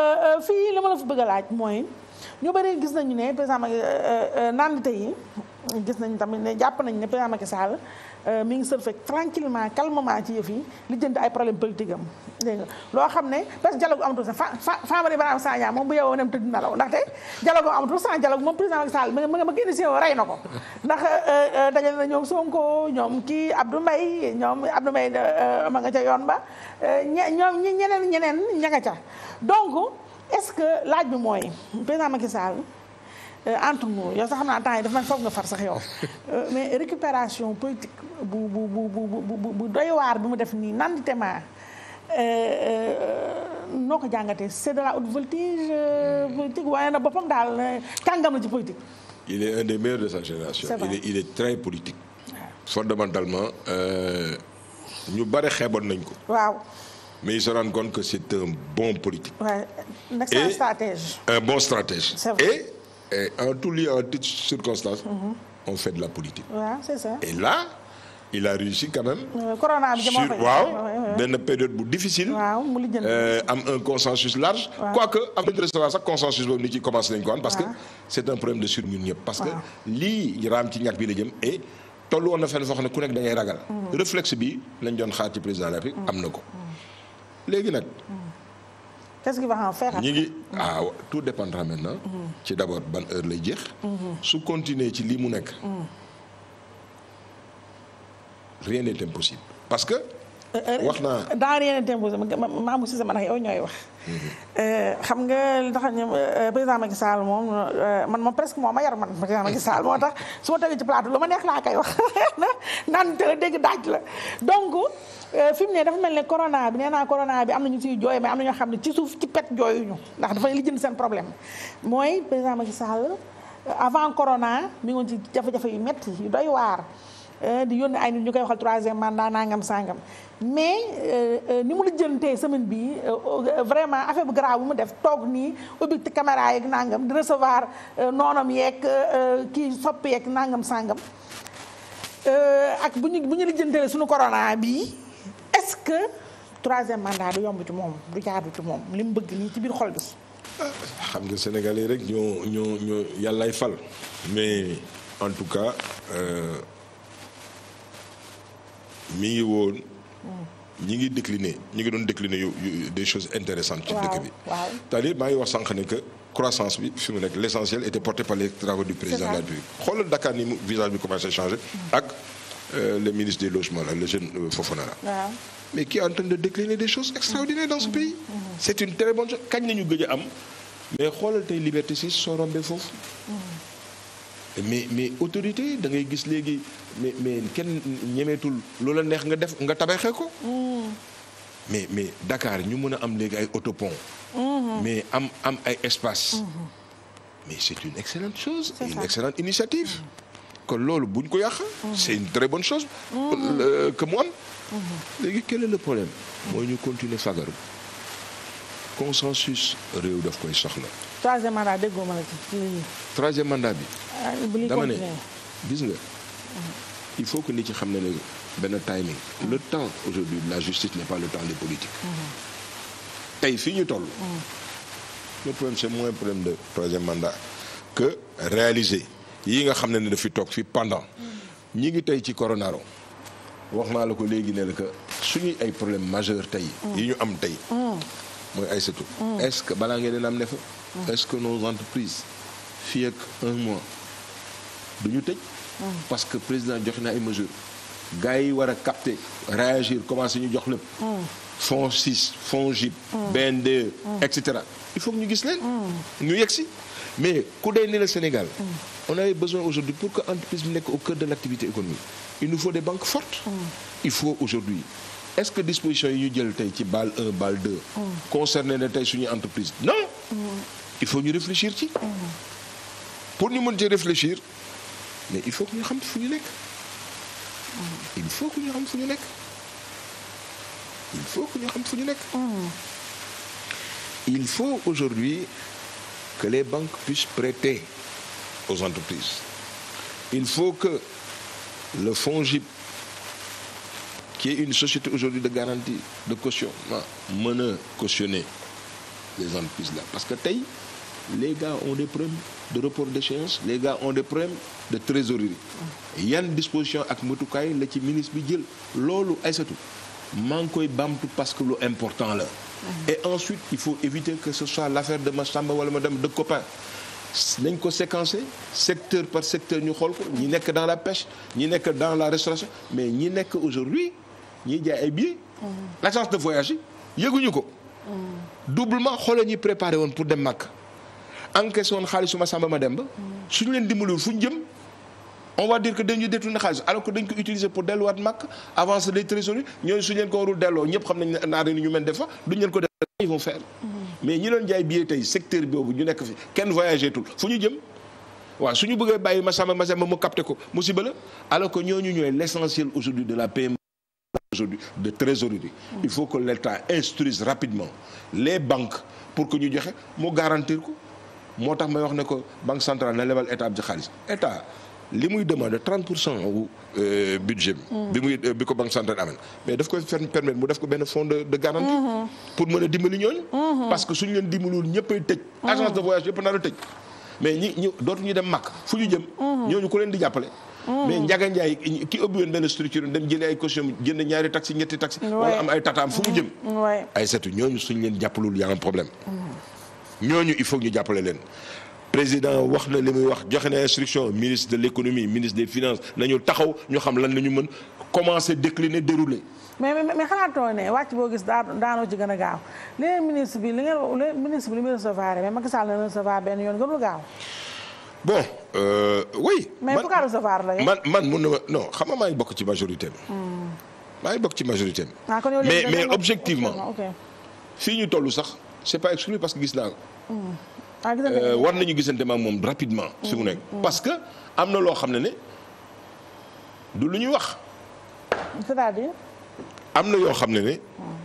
Euh, euh, fii li ma la fi bëgg a laaj mooy ñu bëri gis nañu ne par euh, nandite yi gis nañ tamit ne jàpp nañ ne président Macky Sall euh, mi ngi surfe tranquillement calmement ci yëf yi li jënd ay problème politique am dégg nga loo xam ne parce que am amatul sax Famara Ibrahima Sagna moom bu yeewoo nem tëdd nelaw ndaxte dialogue amatul sans dialogue moom président Macky Sall ma nga ma génn si yow rey na ko ndax euh, euh, dajal na ñoom Sonko ñoom kii Abdou Mbaye ñoom Abdou Mbaye ma nga ca yoon ba ñoom ñi ñeneen ñeneen ña nga ca donc est-ce que laaj bi mooy président Macky Sall entre euh, nous yow sax xam naa temps yi dafa mel foog nga far sax yow euh, mais récupération politique bu bu bu bu bu doy waar bi mu def nii nanditema euh, noo ko jàngatee c'est de la haute voltige hmm. politique waaye na boppam daal kàngam la ci politique. il est un des meilleurs de sa génération. il est il est très politique. fondamentalement ñu bari xeeboon nañ ko. waaw. mais ils se rendent compte que c'est un bon politique. Ouais, un excellent Et Et en tout lieu, en toute circonstance, on fait de la politique. Ouais, c'est ça. Et là, il a réussi quand sur waaw benn période bu difficile. waaw mu euh, am un consensus large. waaw quoique après de recevoir sax consensus boobu nit ci commencé nañu ko am. parce que c' un problème de sur ñun parce que lii raam ci ñàkk bi la jëm et tollu woon na fenn foo xam ne ku nekk da ngay ragal. Mm. réflexe bi lañ doon xaar ci président de am na ko mm. léegi nag. Mm. qu'est-ce qu'il va en ñi ngi ah tout dépendra maintenant. ci d' abord ban lay jeex. su continuer ci lii mu nekk. Mm-hmm. rien n'est impossible parce que. wax naa dans rien tempo Mamou Cissé man ak yow ñooy wax. Mm-hmm. xam nga li tax ñu euh, président Macky Sall moom euh, man moom presque moo ma yar man président Macky Sall moo tax su ma tawee ci plateau lu ma neex laa koy wax naan te la dégg daaj la donc. Euh, fi mu ne dafa mel ne corona bi nee naa corona bi am na ñu ciy jooy mais am na ñoo xam ne ci suuf ci pet jooyuñu ndax dafa li jënd seen problème mooy ma Macky Sall avant corona mi ngi ci jafe-jafe yu metti yu doy waar. Euh, di yónni ay nit ñu koy waxal troisième mandat nangam sàngam mais euh, euh, ni mu la semaine bi vraiment affaire bu grave bu mu def toog nii ubbi caméra yeeg nangam di recevoir noonam yeeg kii soppi yeeg nangam sangam ak bu ñu bu ñu la suñu corona bi est-ce que troisième mandat du yomb ci moom du jaadu ci moom li bëgg nii ci biir xol bi. xam nga sénégalais rek ñoo ñoo ñoo yàllaay fal mais en tout cas. mi ngi woon. ñi ngi décliné ñi ngi doon décliné yu des choses intéressantes ci dëkk bi cest à maa ngi wax sànq ne que croissance bi fi mu nekk l'essentiel était porté par les travaux du président de la République xoolal Dakar ni mu visage bi commencé changer ak euh, le ministre des logements la le jeune euh, Fofana la mais qui en train de décliner des choses extraordinaires dans ce pays mm-hmm. c'est une très bonne chose kañ nañu gëj am mais xoolal tey liberté si soo rombee mais mais autorité da ngay gis léegi mais kenn ñemeetul lu la neex nga def nga tabaxee ko. Mm. mais mais Dakar ñu mën a am léegi ay autopont. Mm-hmm. mais am am ay espace mm-hmm. mais c'est une excellente chose. c'est une excellente initiative. Mm-hmm. kon loolu bu buñ ko yàq. c'est une très bonne chose. Euh, que mu am. léegi quel est le problème. mooy ñu continuer fagaru. consensus réew daf koy soxla. troisième mandat déggoo ma la ci. troisième mandat bi. Ah, dama ne gis nga il faut que nit ci xam na ne benn timing le temps aujourd'hui de la justice n'est pas le temps des politiques mm-hmm. tey fii ñu toll mm-hmm. le problème c'est moins problème de troisième mandat que réaliser yi nga xam ne ne dafi toog fii pendant mm-hmm. ñi ngi tey ci coronaro wax naa la ko léegi ne la que suñuy ay problème majeur tey mm. yi ñu am tey mm. mooy ay satu mm. est-ce que balaa ngeen am ne fa est-ce que nos entreprises fii un mois du ñu tëj. parce que président joxe na ay mesures. gars yi war a capter réagir commencé ñu jox lépp. fonds 6 fonds JIP. BNDE et cetera. il faut que ñu gis leen. ñu yegg si mais ku day ni la Sénégal. on avait besoin aujourd'hui pour que entreprise bi nekk au cœur de l'activité économique. il nous faut des banques fortes. il faut aujourd'hui est-ce que disposition yi ñu jël tey ci BAL 1 BAL 2. concerné na tey suñu entreprise non. il faut ñu réfléchir ci. pour ñu mën ci réfléchir. mais il faut que ñu xam fu ñu nekk. il faut ñu xam fu ñu nekk. il ñu xam fu ñu nekk. Mm. il faut aujourd'hui que les banques puissent prêter aux entreprises. il faut que le FONGIP qui est une société aujourd'hui de garantie de caution mën a cautionner les entreprises là parce que tey. les gars ont des problèmes de report d'échéance les on ont des problèmes de trésorerie yan disposition ak matukaay la ci ministre bi jël loolu aysatu maa ngi koy bamtu parce que lu important la et ensuite il faut éviter que ce soit l'affaire de Massamba wala madame de copain nañ ko séquencer secteur par secteur ñu xool ko ñi nekk dans la pêche ñi nekk dans la restauration mais ñi nekk aujourd'hui ñiy jaay ay billets mm-hmm. l'agence de voyage yi yëguñu ko mm-hmm. doublement xoolal ñi préparé woon pour dem Makka encaissé woon xaalisu Masamba Mademba suñu leen dimbaliwul fu ñu jëm on va dire que dañuy na xaalis alors que dañ ko utiliser pour delluwaat mag avancer les trésoreries ñooñu suñu leen ko warul delloo ñëpp xam nañ ne naar yi ñu mel defa duñ leen ko delloo ils vont mais ñi doon jaay billet tey secteur boobu ñu nekk fi kenn voyagé tul fu ñu jëm waaw su ñu bëggee bàyyi Masamba ma mu capté ko musiba la alors que ñooñu ñooy l' essentiel aujourd'hui de la PME aujourd'hui de trésorerie il faut que l' état rapidement les banques pour que ñu joxe mu garantir ko moo tax may wax ne ko banque centrale na lebal état am ci xaalis état li muy demande 30 pour cent euh, budget bi. Mm. bi muy euh, bi ko banque centrale amee mais daf koy permettre mu def ko benn fonds de de garantie. Mm-hmm. pour mën a dimbali ñooñu. Mm-hmm. parce que suñu leen dimbalul ñëppay tëj. Mm-hmm. agence de voyage yëpp nar a tëj. mais ñi ñu dootuñu dem màkk fu ñu jëm. ñooñu ku leen di jàppale. mais Ndiaga Ndiaye ki ëpp yoon benn structure dem jëlee ay caution jënd ñaari taxi ñetti taxi. wala am ay tataam fu mu jëm. ay setu ñooñu suñu leen jàppalul y a un problème. ñooñu il faut ñu jàppale leen président wax na li muy wax joxe na instruction ministre de l'économie ministre des finances nañu taxaw ñu xam lan la ñu mën commencer décliner dérouler. mais mais mais xalaatoo ne wàcc boo gis daanoo ci gën a gaaw leneen ministre bi li ngeen ministre bi li muy recevoir mais ma Sall na recevoir benn yoon gënul gaaw. bon euh, mais bu ko la man man mun na ma non xam nga maa ngi bokk ci majorité bi. Hmm. maa ngi bokk ci majorité bi. Ah, mais mais objectivement. fii ñu tollu sax. c'est pas exclu parce que gis naa ko. Hmm. Ah, euh, war nañu gisante moom rapidement. si mu nekk hmm. parce que am na loo xam ne ne du lu ñuy wax. cest à am na yoo xam ne ne. Hmm.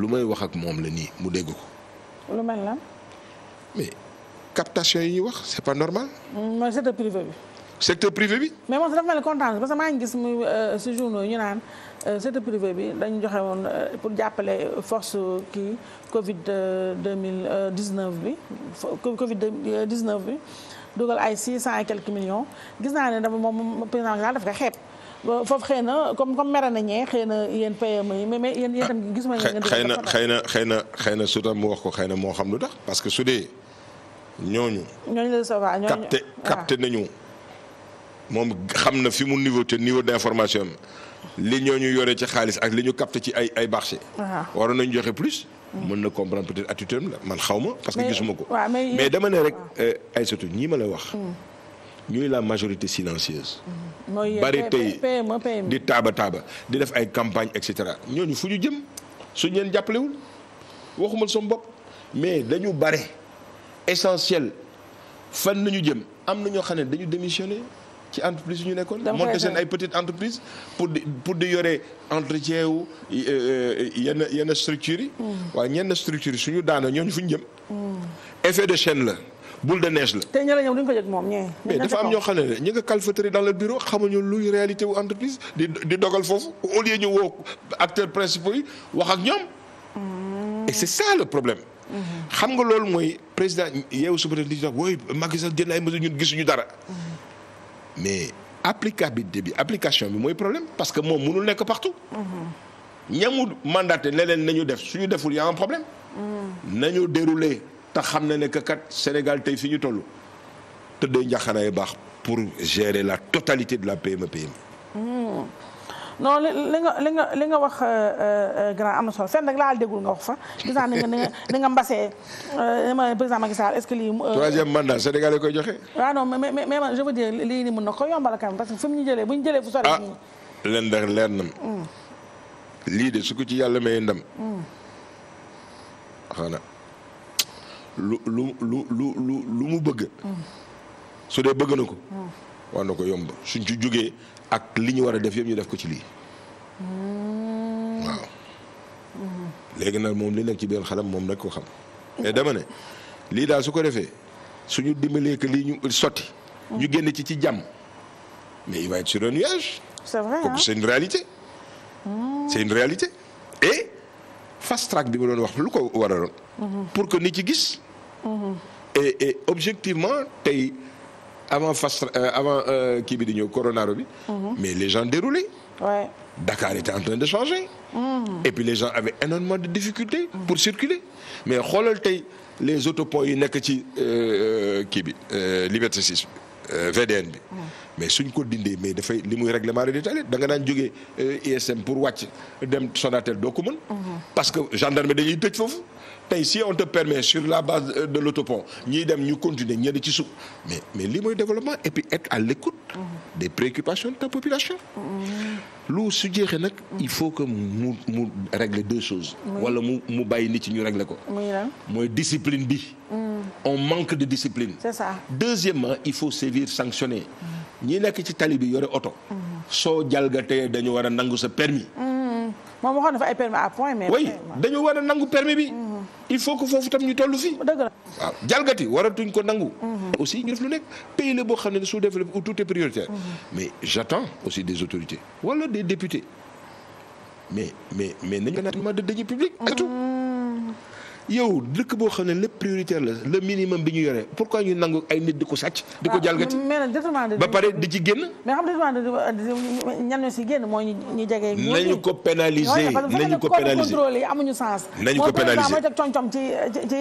lu may wax ak moom la nii mu dégg ko. lu mel mais captation yi ñuy wax c'est pas normal. mooy secteur privé bi. secteur privé bi. mais moom dafa mel ni kontaan parce que maa ngi gis muy euh, si journaux ñu naan euh, secteur privé bi dañu joxe woon euh, pour jàppale force kii Covid deux mille dix neuf bi Covid dix neuf bi dugal ay six cent et quelques millions gis naa ne dafa moom président daal dafa ko xeet foofu xëy na comme comme mer na ñee xëy na yéen PME yi mais mais yéen yéen tam gisuma ngeen xëy na xëy na xëy na xëy na su tam mu wax ko xëy na moo xam lu tax parce que su dee ñooñu. ñooñu la capté capté nañu. moom xam na fi mu niveau te niveau d'information li ñoo ñu yore ci xaalis ak li ñu capté ci ay ay marché waroon nañu joxe plus. mën na comprendre peut-être attitude am la man xaw ma parce que gisuma ko. mais dama ne rek ay euh, surtout ñii ma lay wax. Hmm. ñuy la majorité silencieuse. Hmm. bari tey di taaba taaba di def ay campagne et cetera ñooñu fu ñu jëm suñ leen jàppalewul waxuma sama bopp mais dañu bare essentiel fan nañu jëm am na ñoo xam ne dañu démissionné. ci entreprise yu ñu nekkoon. monter seen ay petite entreprise pour di pour di yore entretien wu euh, euh, yenn yenn structures yi. Hmm. waaye ñenn structures yi suñu ñoo ñu fu ñu jëm. Hmm. effet de chaîne la. boule de neige la. tey ñeneen ko jot moom ñee. dafa am ñoo xam ne ñu nga calfeutré dans le bureau xamuñu luy réalité wu entreprise di di dogal foofu au lieu ñu woo acteurs principaux yi wax ak ñoom. Hmm. et c'est ça le problème. xam nga loolu mooy président yeewu suba di wax wooy Macky jël ay mesures ñun gisuñu dara. mais applicabilité bi application bi mooy problème parce que moom mënul nekk partout. Mhm. ñamul mandaté ne leen nañu def suñu deful y un problème. Mhm. nañu déroulé te xam na ne que kat Sénégal tey fi ñu toll jakana njaxanaay baax pour gérer la totalité de la PME PMI. E. Mhm. non li nga li nga wax euh, euh, euh, grand am na solo fenn rek laal déggul nga wax fa gis naa ni nga ni nga mbasee président Macky Sall est-ce que lii. troisième mandat Sénégal yi koy joxe. waaw ah non mais mais mais je veux dire lii nii mën na ko yombal kanam parce que fi ñu jëlee bu ñu jëlee fu sori. ah leen ndax leer na. Hmm. lii de su ko ci yàlla mayee ndam. Hmm. xanaa lu lu lu lu lu mu bëgg. Hmm. su dee bëgg na ko. war na ko yomb suñ ci jógee ak li ñu war def yëpp ñu def ko ci lii. waaw. léegi nag moom li nekk ci biir xalam moom rek ko xam. mais dama ne lii daal su ko defee suñu dimbalee que lii ñu sotti. ñu génn ci ci jàmm. mais il va être sur un nuage. c'est vrai kooku c'est une réalité. Hmm. c'est une réalité wax lu ko waraloon. Hmm. pour que nit ci gis. Hmm. et objectivement tey. avant fast euh, avant euh, kii bi di ñëw coronaro bi. Mhm. mais les gens déroulaient. Ouais. Dakar était en train de changer. Mhm. et puis les gens avaient énormément de difficultés mhm. pour circuler mais xoolal tey les autoponts yi nekk ci euh, kii bi Liberté 6 VDN bi. mais suñ ko dindee mais dafay li muy règlement de tali da nga daan jógee ISM pour wàcc dem Sonatel doo ko mën. parce que gendarme dañuy tëj foofu. tey si on te permet sur la base euh, de l'autopont ñiy dem ñu continuer ñenn ci suuf mais lii mooy développement et puis être à l'écoute des préoccupations de ta population lu su nag il faut que mu mu régler deux choses wala mu mu bàyyi nit ci ñu régler ko mooy discipline bi mm. on manque de discipline c'est ça deuxièmement il faut sévir sanctionner ñi nekk ci tali bi yore oto mm. soo jalgatee dañu war a nangu sa permis mm. moom dañu war nangu permis bi il faut que foofu tam ñu toll fii. dëgg la waaw jalgati waratuñ aussi ñu nekk pays la boo xam ne sous-développé où tout est mhm. mais j'attends aussi des autorités wala des députés mais mais mais de deniers publics. et tout. Mhm. yow dëkk boo xam ne lépp prioritaire la le minimum bi ñu yore pourquoi ñu nangu ay nit di ko sàcc. di ko ah, jalgati ba pare di ci génn. mais xam nga ñan si génn mooy ñu jege. nañu ko pénaliser ko pénaliser amuñu sens. nañu ko pénaliser mooy teg coñ-coñ ci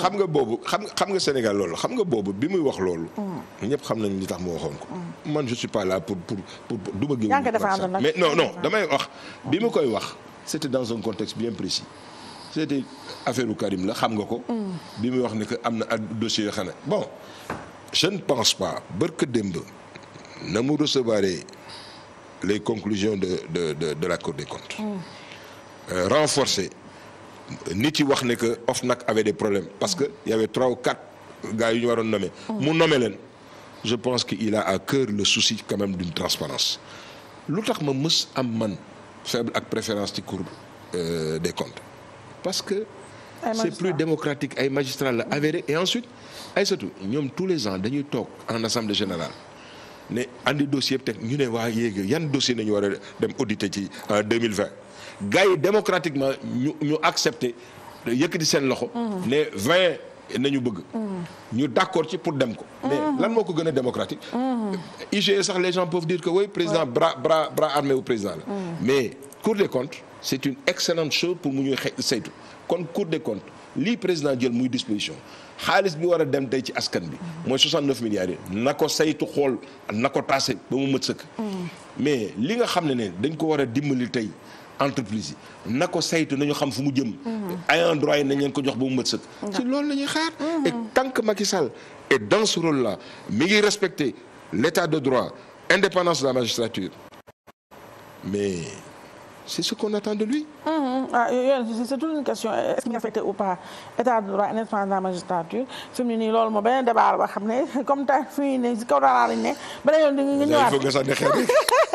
xam nga boobu xam xam nga Sénégal loolu xam nga boobu bi muy wax loolu. Mm. ñëpp xam nañ li tax mu waxoon ko. Mm. man je suis pas là pour pour pour du ma. yaa mais non non mm. damay wax bi mu koy wax c'était dans un contexte bien précis c'était affaire u Karim la xam nga ko. Mm. bi muy wax ne que am na ak dossier yoo xam ne bon je ne pense pas barke démb na mu recevoir les conclusions de de de de la Cour des comptes. Mm. Euh, renforcer nit yi wax ne que OFNAC ave des problèmes parce que y avait trois ou quatre gars yu ñu waroon nommer. Mm. mu nommer leen je pense que il a à cœur le souci quand même d'une transparence lu tax ma mës am man faible ak préférence ci Cour euh, des comptes. parce que c'est plus démocratique ay magistrat la avéré et ensuite ay surtout ñoom tous les ans dañuy toog en assemblée générale ne andi dossier yëpp teg ñu ne waa yéegi yan dossier nañu war a dem auditer ci 2020 euh, gars yi démocratiquement ñu ñu accepté yëkkati seen loxo mm-hmm. ne 20 nañu bëgg. Mm-hmm. ñu d'accord ci pour dem ko. mais mm-hmm. lan moo ko gën a démocratique. IGE sax les gens peuvent dire que oui président bras bras bras président la. mais Cour des comptes c'est une excellente chose pour mu ñuy saytu kon Cour des comptes lii président jël muy disposition xaalis bi war a dem tey ci askan bi mooy 69 milliards yi na ko saytu xool na ko taase ba mu mët sëkk mm. mais li nga xam ne ne dañ ko war a dimbali tey entreprise yi na ko saytu nañu xam fu mu jëm mm. ay endroit yi nañ leen ko jox ba mu mët sëkk ci loolu la ñuy xaar mm-hmm. et tant que Macky Sall est dans ce rôle là mi ngi respecter l'état de droit indépendance de la magistrature mais c'est ce qu'on attend de lui. Mm-hmm. ah yooyu c'est toute une question est-ce qu'il est affecté ou pas état de droit indépendance de la magistrature fi mu ne nii loolu moom beneen débat ba xam ne comme tey fii nii la kaw daal lañ ne beneen yoon dañuy ñëwaat.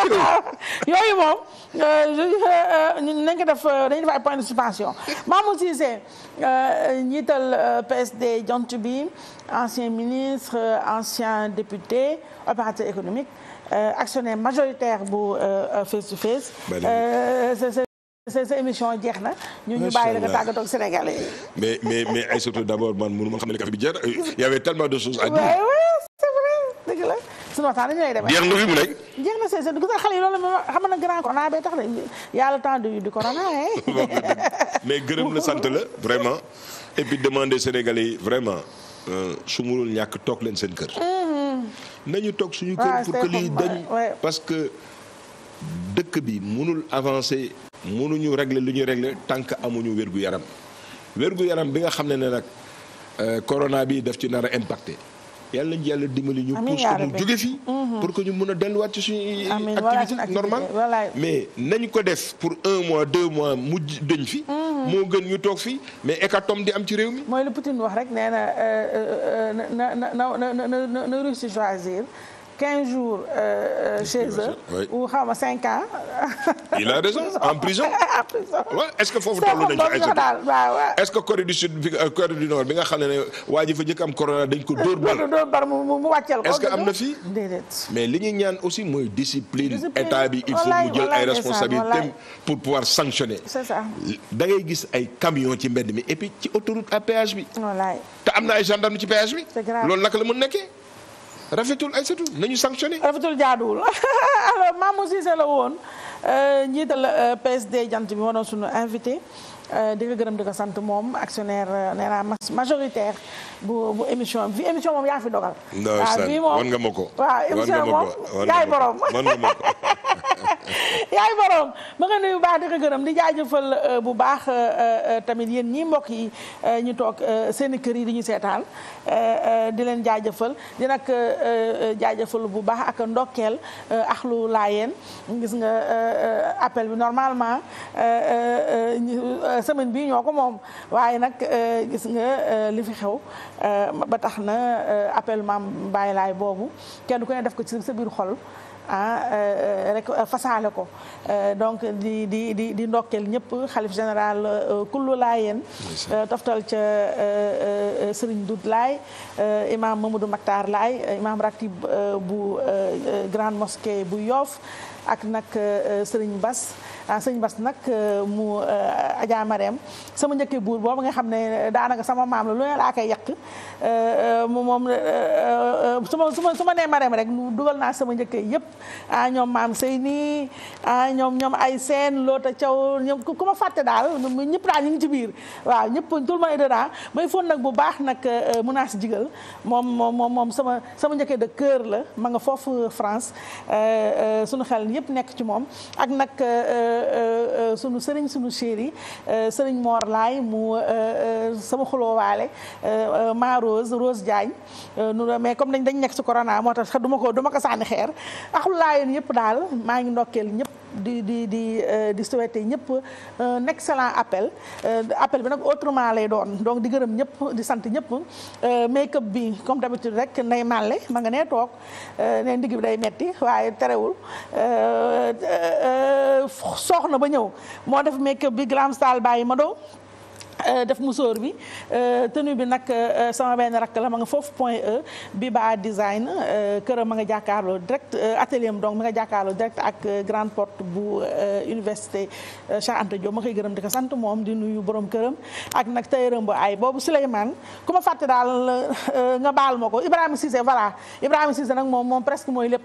yooyu moom euh, euh, nañ ko def euh, dañuy def ay points de suspension Mamour Cissé njiital PSD jont bi ancien ministre ancien député opérateur économique. Euh, actionnaire majoritaire bu euh, euh, face to face. sa sa émission jeex na. ñu ñu bàyyi yi. mais mais mais ay surtout d'abord man mënu ma xam ne café bi jeex na y avait tellement de choses à dire. waaw waaw c'est vrai dëgg la. suñu waxtaan jeex na fi mu nekk. jeex na seen seen xale yi loolu la xam na grand corona bay tax na yàlla temps du corona mais gërëm la sant la vraiment et puis demander Sénégalais yi vraiment su mu mënul ñàkk toog leen seen kër. Mm. nañu toog suñu ah, kër pour que lii dañ parce que dëkk bi mënul avancer mënuñu régler lu ñuy régler tant que amuñu wérgu yaram wérgu yaram bi nga xam ne ne nag euh, corona bi daf ci nar a impacté yàlla ñu yàlla dimbali ñu pousse ko mu jóge fi mhm. pour que ñu mun a delluwaat ci suñu activité normale mais nañ ko def pour un mois deux mois mu dëñ fi moo gën yu toog fii mais hécatombe di am ci réew mi. mooy lu Poutine wax rek nee na euh, euh, euh, na na na 15 jours euh, euh chez eux. Oui. ou xaw ma 5 ans. il a raison en prison. est ce que foofu toll nañu ci est ce du Sud euh, bi nga xam ne ne waa ji fa njëkk am corona dañ ko dóor bal. mu wàcceel est ce que am na fii. mais li ñuy ñaan aussi mooy discipline. état bi il faut mu jël ay responsabilités pour pouvoir sanctionner. c'est gis ay camions ci mbedd mi et ci autoroute à péage bi. te am na ay gendarme ci péage bi. loolu la mën nekkee. rafetul ay satu nañu sanctionné. rafetul jaaduwul alors Mamou Cissé la woon euh, njiital euh, PSD jant bi moo doon invité. Euh, di ko gërëm di sant moom actionnaire nee naa majoritaire bu émission bi émission moom yaa fi dogal. waaw bii moom wan nga ma moom yaay borom. yaay borom ma nga nuyu baax di ko gërëm di jaajëfal euh, bu baax euh, euh, tamit yéen ñi mbokk yi ñu toog seen i kër yi di ñu seetaan di leen jaajëfal di nag jaajëfal bu baax ak ndokkeel axlu laayeen gis nga appel bi normalement semaine bii ñoo ko moom waaye nag gis nga li fi xew ba tax na appel maam bàyyi laay boobu kenn ku ne def ko ci sa biir xol ah euh, rek euh, fasaale ko euh, donc di di di di ndokkeel ñëpp xalif général kullu laayeen toftal ca Serigne Doud Laay imam Mamadou Mactar Laay imam ratib bu grande mosquée bu yoof ak nag euh, Serigne bas ah Serigne Bass nag euh, mu euh, Adja Mareem sama njëkkee buur boobu nga xam ne daanaka sama maam la lu ne laa koy yàq moom su ma su su ma nee Mareem rek dugal naa sama njëkkee yëpp ah ñoom maam Seyni ah ñoom ñoom ay seen loota caw ñoom ku ma fàtte daal ñëpp daal ñu ngi ci biir waaw ñëpp tout le monde est dedans may fóon nag bu baax nag munaas jigal moom moom moom sama sama njëkkee de kër la ma nga foofu France sunu xel yëpp nekk ci moom ak nag euh, euh, euh, sunu sëriñ sunu chéri sëriñ Mor Laay mu sama xuloowaale ma Rose Rose Diagne nu mais comme dañ dañ nekk ci corona moo tax du ma ko du ko sànni xeer axul laayoon yëpp daal maa ngi ndokkeel ñëpp di di di eh, di souhaiter ñëpp un excellent appel euh, appel bi nag autrement lay doon donc di gërëm ñëpp di sant ñëpp euh, make-up bi comme d'habitude rek nay màlle ma nga nee toog euh, ne ndigg bi day metti waaye terewul na ba ñëw moo def make-up bi glam style bàyyi ma dow Euh, def musóor bi euh, tenue bi nag euh, sama benn rakk la ma nga foofu point E bi ba design këram ma nga jàkkaarloo direct atelier am donc ma nga jàkkaarloo direct ak grande porte bu université Cheikh Anta Diop ma koy gërëm di ko sant moom di nuyu borom këram ak nag tayëram bu ay boobu Souleymane ku ma fàtte daal nga baal ma ko Ibrahima Cissé voilà Ibrahima Cissé nag moom moom presque mooy lépp